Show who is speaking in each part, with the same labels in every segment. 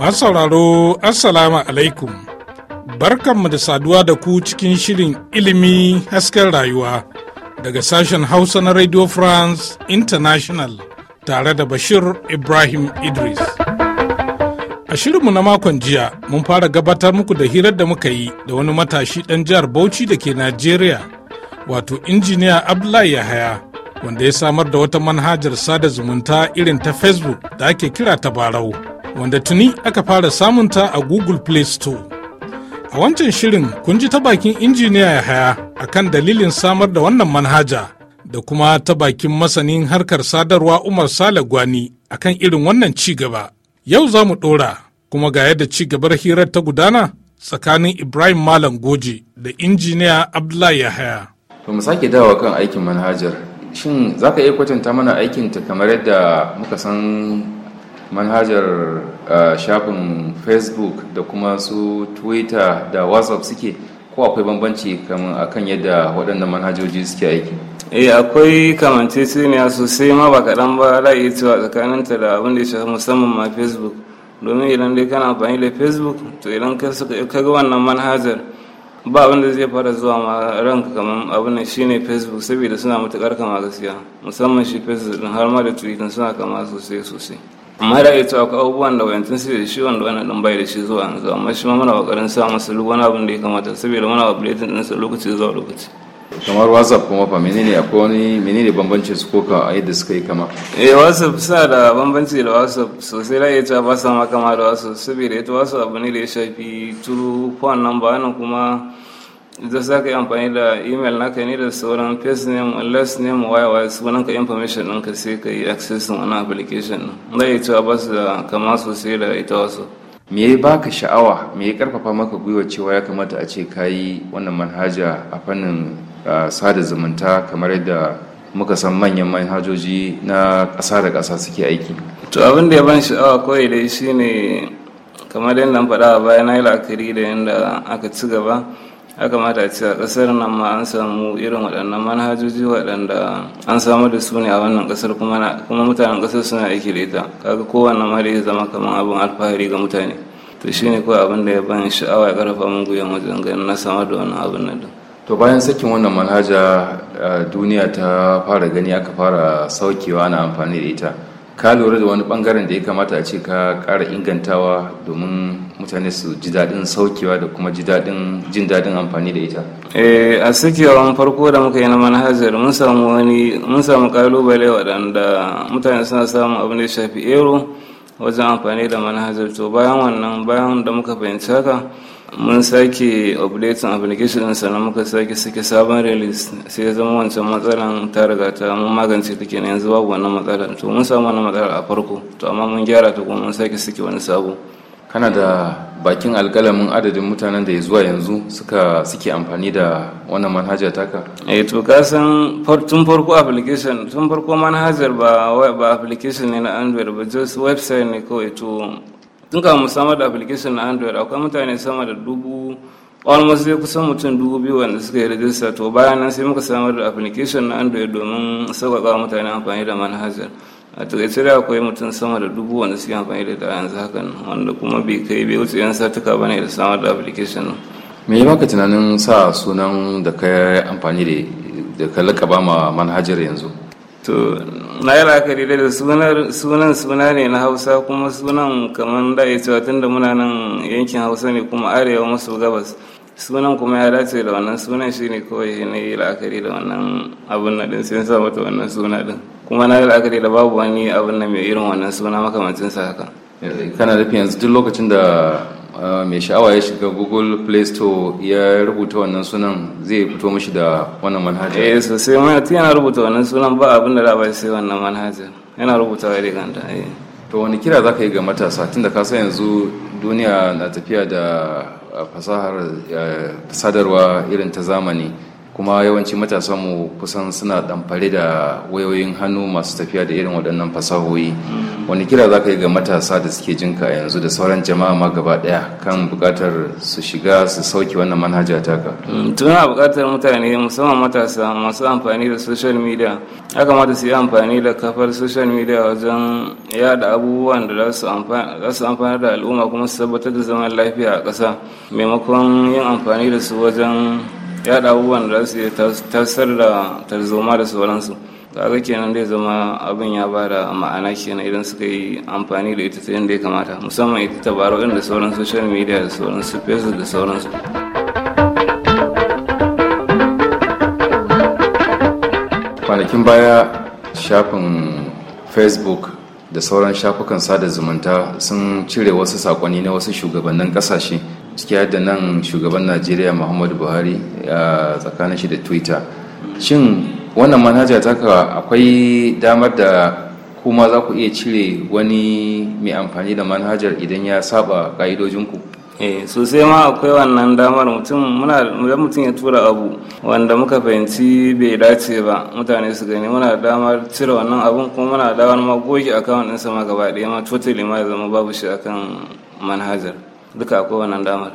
Speaker 1: Masu sauraro Assalamu alaikum barkanmu da saduwa da ku cikin shirin ilimi hasken rayuwa daga sashen Hausa na Radio France International tare da Bashir Ibrahim Idris. A shirinmu na makon jiya mun fara gabatar muku da hirar da muka yi da wani matashi ɗan jihar Bauchi da ke Najeriya wato injiniya Abdullahi Yahaya wanda ya samar da wata manhajar sada zumunta irin ta facebook da ake kira ta barau wanda tuni aka fara samunta a google play store a wancan shirin kun ji ta bakin injiniya ya haya akan dalilin samar da wannan manhaja da kuma ta bakin masanin harkar sadarwa umar sale gwani akan irin wannan ci gaba yau za mu ɗora kuma ga yadda ci hirar ta gudana tsakanin ibrahim malam goji da injiniya abdullahi yahaya
Speaker 2: ba mu sake dawa kan aikin manhajar shin za ka iya kwatanta mana aikinta kamar yadda muka san manhajar shafin facebook da kuma su twitter da whatsapp suke ko akwai bambanci akan yadda waɗannan manhajoji suke aiki
Speaker 3: eh akwai kamance kamanceceniya sosai ma ba kaɗan ba ra'ayi cewa tsakaninta da abin da ya shafi musamman ma facebook domin idan dai kana amfani da facebook to idan ka ga wannan manhajar ba wanda zai fara zuwa ma ranka kamar abin nan shine facebook saboda suna matukar kama gaskiya musamman shi facebook din har ma da twitter suna kama sosai sosai amma da ita akwai abubuwan da wayantun su da shi wanda wannan dan bai da shi zuwa yanzu amma shi ma muna kokarin sa lu wani abin da ya kamata saboda muna updating din su lokaci zuwa lokaci kamar
Speaker 2: whatsapp kuma fa menene akwai wani menene bambancin su ko ka yadda suka yi kama eh
Speaker 3: whatsapp suna da bambanci da whatsapp sosai da ita ba sa kama da whatsapp saboda ita whatsapp abu ne da ya shafi turu phone number wannan kuma idan za ka yi amfani da email naka ne da sauran face name last name waya sunan ka information ɗinka sai ka yi access wani application ɗin da ita ba su da kama sosai da ita whatsapp me ya baka sha'awa me
Speaker 2: ya karfafa maka gwiwa cewa ya kamata a ce ka yi wannan manhaja a fannin sada zumunta kamar yadda muka san manyan manhajoji na ƙasa da ƙasa suke aiki to abin da ya ban
Speaker 3: sha'awa kawai dai shine kamar yadda faɗa a baya na yi la'akari da yadda aka ci gaba ya kamata a ce a ƙasar nan ma an samu irin waɗannan manhajoji waɗanda an samu da su ne a wannan ƙasar kuma mutanen ƙasar suna aiki da ita kaga kowane ma da ya zama kamar abin alfahari ga mutane to shine kawai abin da ya ban sha'awa ya ƙarfafa min gwiwa wajen ganin na samar da wannan abin nan to bayan sakin wannan manhaja
Speaker 2: duniya ta fara gani aka fara saukewa na amfani da ita ka lura da wani bangaren da ya kamata a ce ka kara ingantawa domin mutane su ji daɗin saukewa da kuma ji daɗin jin daɗin amfani da ita
Speaker 3: eh, a sakewan farko da muka yi na manhajar mun samu wani mun samu kalubale waɗanda mutane suna samun abin da ya shafi ero wajen amfani da manhajar to bayan wannan bayan da muka fahimci haka mun sake updating application din sannan muka sake sake sabon release sai ya zama wancan matsalan ta riga ta mun magance ta kenan yanzu babu wannan matsalar to mun samu wannan matsalar a farko to amma mun gyara ta kuma mun sake sake wani sabo kana da bakin alkalamin
Speaker 2: adadin mutanen da ya zuwa yanzu suka suke amfani da wannan manhaja taka eh
Speaker 3: to ka san tun farko application tun farko manhajar ba ba application ne na android ba just website ne kawai to tun ka mu samar da application na android akwai mutane sama da dubu almost dai kusan mutum dubu biyu wanda suka yi rajista to bayan nan sai muka samar da application na android domin sauƙaƙa mutane amfani da manhajar a takaice da akwai mutum sama da dubu wanda suke amfani da ta yanzu hakan wanda kuma bai kai bai wuce yan satuka bane da samar da application
Speaker 2: me ya baka tunanin sa sunan da ka amfani da ka lakaba ma manhajar yanzu to
Speaker 3: na yi la'akari da sunan suna ne na hausa kuma sunan kamar da ya cewa tunda muna nan yankin hausa ne kuma arewa maso gabas sunan kuma ya dace da wannan sunan shi ne kawai shi ne la'akari da wannan abin na ɗin sun sa mata wannan suna ɗin kuma na la'akari da babu wani abin na mai irin wannan suna makamancin sa haka kana da yanzu duk lokacin da ah, mai sha'awa ya shiga google play store ya rubuta wannan sunan zai fito mashi da wannan manhaja eh sosai ta yana rubuta wannan sunan ba abin da za a sai wannan manhaja yana rubutawa da kanta eh to wani kira zaka yi ga matasa tunda ka sa yanzu duniya na tafiya da
Speaker 2: fasahar eh, sadarwa irin ta zamani kuma yawanci matasanmu kusan suna damfare da wayoyin hannu masu tafiya da irin waɗannan fasahohi mm. wani kira za ka yi ga matasa da suke jinka a yanzu da sauran jama'a ma gaba ɗaya kan buƙatar su shiga su sauke wannan manhaja taka
Speaker 3: mm, tuna buƙatar mutane musamman matasa masu amfani da social media ya kamata su yi amfani da kafar social media wajen yada abubuwan da za su amfani da al'umma kuma su tabbatar da zaman lafiya a ƙasa maimakon yin amfani da su wajen yaɗa abubuwan da su tasar da tarzoma da sauransu kaga kenan zai zama abin ya ba da ma'ana kenan idan suka yi amfani da ita ta yadda ya kamata musamman ita tabarau da sauran social media da sauransu facebook da sauransu
Speaker 2: kwanakin baya shafin facebook da sauran shafukan sada zumunta sun cire wasu sakonni na wasu shugabannin ƙasashe. ciki da nan shugaban najeriya muhammadu buhari a tsakanin shi da twitter shin wannan manhaja taka akwai damar da kuma za ku iya
Speaker 3: cire wani mai amfani da manhajar idan ya saba ka'idojinku eh sosai ma akwai wannan damar mutum muna idan mutum ya tura abu wanda muka fahimci bai dace ba mutane su gani muna damar cire wannan abun kuma muna da damar ma goge account ɗinsa ma gaba ɗaya ma totally ma ya zama babu shi akan manhajar duka akwai wannan damar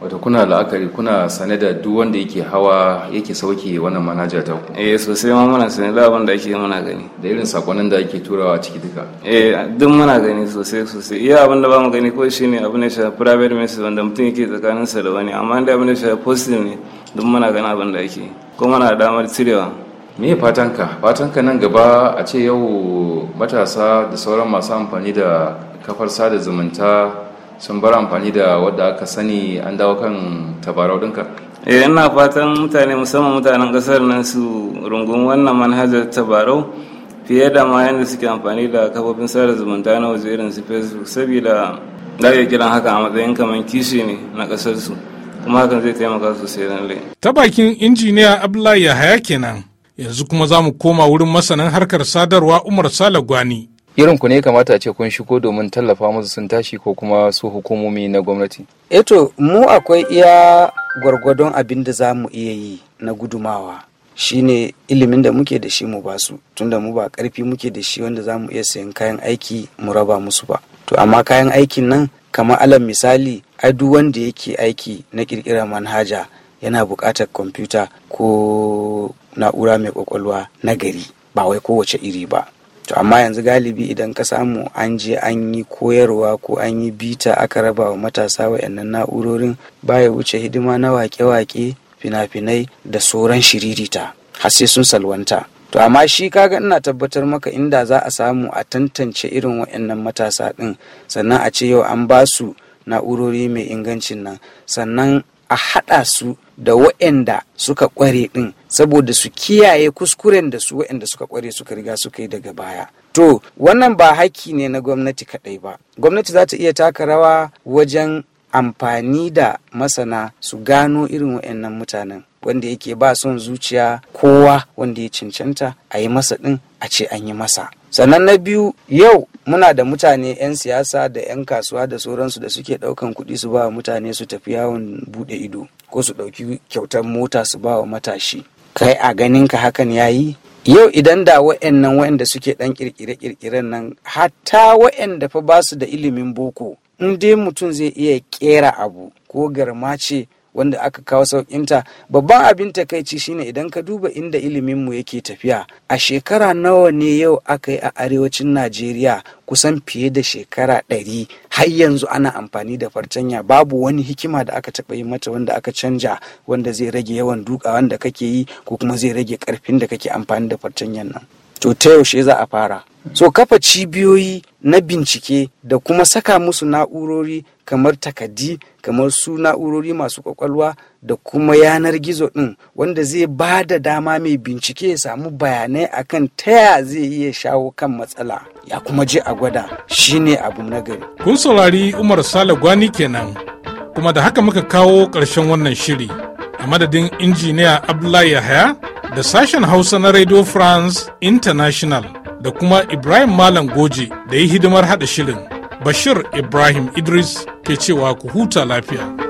Speaker 2: wato kuna la'akari kuna sane da duk wanda yake hawa yake sauke wannan manaja ta
Speaker 3: ku eh sosai ma muna sane da abin da ake muna gani da irin sakonin da ake turawa ciki duka eh duk muna gani sosai sosai iya abin da bamu gani ko shine abin da shafi private message wanda mutum yake tsakanin sa da wani amma da abin da shafi posting ne duk muna gani abin da ake ko muna damar cirewa me fatanka fatanka nan gaba a ce yau matasa da sauran
Speaker 2: masu amfani da kafar sada zumunta sun bar amfani da wadda aka sani
Speaker 3: an dawo kan tabarau dinka eh ina fatan mutane musamman mutanen ƙasar nan su rungun wannan manhajar tabarau fiye da ma yadda suke amfani da kafofin sada zumunta na waje irin su facebook saboda da ya kiran haka a matsayin kamar kishi ne na kasar su kuma hakan zai taimaka sosai le
Speaker 1: ta bakin injiniya abdullahi yahaya kenan yanzu kuma za mu koma wurin masanin harkar sadarwa umar salagwani gwani irin ku ne
Speaker 2: kamata a ce kun shigo domin tallafa musu sun tashi ko kuma su hukumomi na gwamnati
Speaker 1: eto eh
Speaker 4: mu akwai iya gwargwadon abin da za mu iya yi na gudumawa shine ilimin da muke da shi mu ba su tunda mu ba karfi muke da shi wanda za mu iya sayan kayan aiki mu raba musu ba to amma kayan aikin nan kamar alam misali adu duk wanda yake aiki na kirkirar manhaja yana buƙatar kwamfuta ko na'ura mai kwakwalwa na gari ba wai kowace iri ba to amma yanzu galibi idan ka samu an je an yi koyarwa ko an yi bita aka raba wa matasa wa'annan na'urorin baya wuce hidima na wake-wake fina-finai da sauran shiririta har sai sun salwanta to amma shi ka ga ina tabbatar maka inda za a samu a tantance irin wa'annan matasa ɗin sannan a ce yau an ba su na'urori mai ingancin nan sannan a haɗa su da waɗanda suka ƙware ɗin saboda su kiyaye kuskuren da su waɗanda suka ƙware suka riga suka yi daga baya. To, wannan ba haƙƙi ne na gwamnati kaɗai ba. Gwamnati za ta iya taka rawa wajen amfani da masana su gano irin wa'annan mutanen wanda yake ba son zuciya kowa wanda ya cancanta a yi masa ɗin a ce an yi masa sannan na biyu yau muna da mutane 'yan siyasa da 'yan kasuwa da sauransu da suke ɗaukan kuɗi su ba mutane su tafi yawon buɗe ido ko su ɗauki kyautar mota su ba wa matashi kai a ganinka hakan ya yi? yau idan da wa'annan wa'anda suke ɗan ƙirƙire-ƙirƙiren nan hatta wa'anda fa ba su da ilimin boko in dai mutum zai iya kera abu ko garma ce wanda aka kawo sauƙinta babban abin takaici shine idan ka duba inda iliminmu yake tafiya a shekara nawa ne yau aka yi a arewacin najeriya kusan fiye da shekara ɗari har yanzu ana amfani da fartanya babu wani hikima da aka taɓa yi mata wanda aka canja wanda zai rage yawan duka wanda kake yi ko kuma zai rage ƙarfin da kake amfani da fartanyan nan to ta yaushe za a fara so kafa cibiyoyi na bincike da kuma saka musu na'urori kamar takaddi kamar su na'urori masu kwakwalwa da kuma yanar gizo ɗin wanda zai ba da dama mai bincike ya samu bayanai akan ta taya zai iya shawo kan matsala ya kuma je a
Speaker 1: gwada shine abu na gari kun saurari umar sale gwani kenan kuma da haka muka kawo ƙarshen wannan shiri a madadin injiniya abdullahi yahaya da sashen Hausa na Radio France International da kuma Ibrahim Malam Goje da yi hidimar haɗa shirin. Bashir Ibrahim Idris ke cewa ku huta lafiya.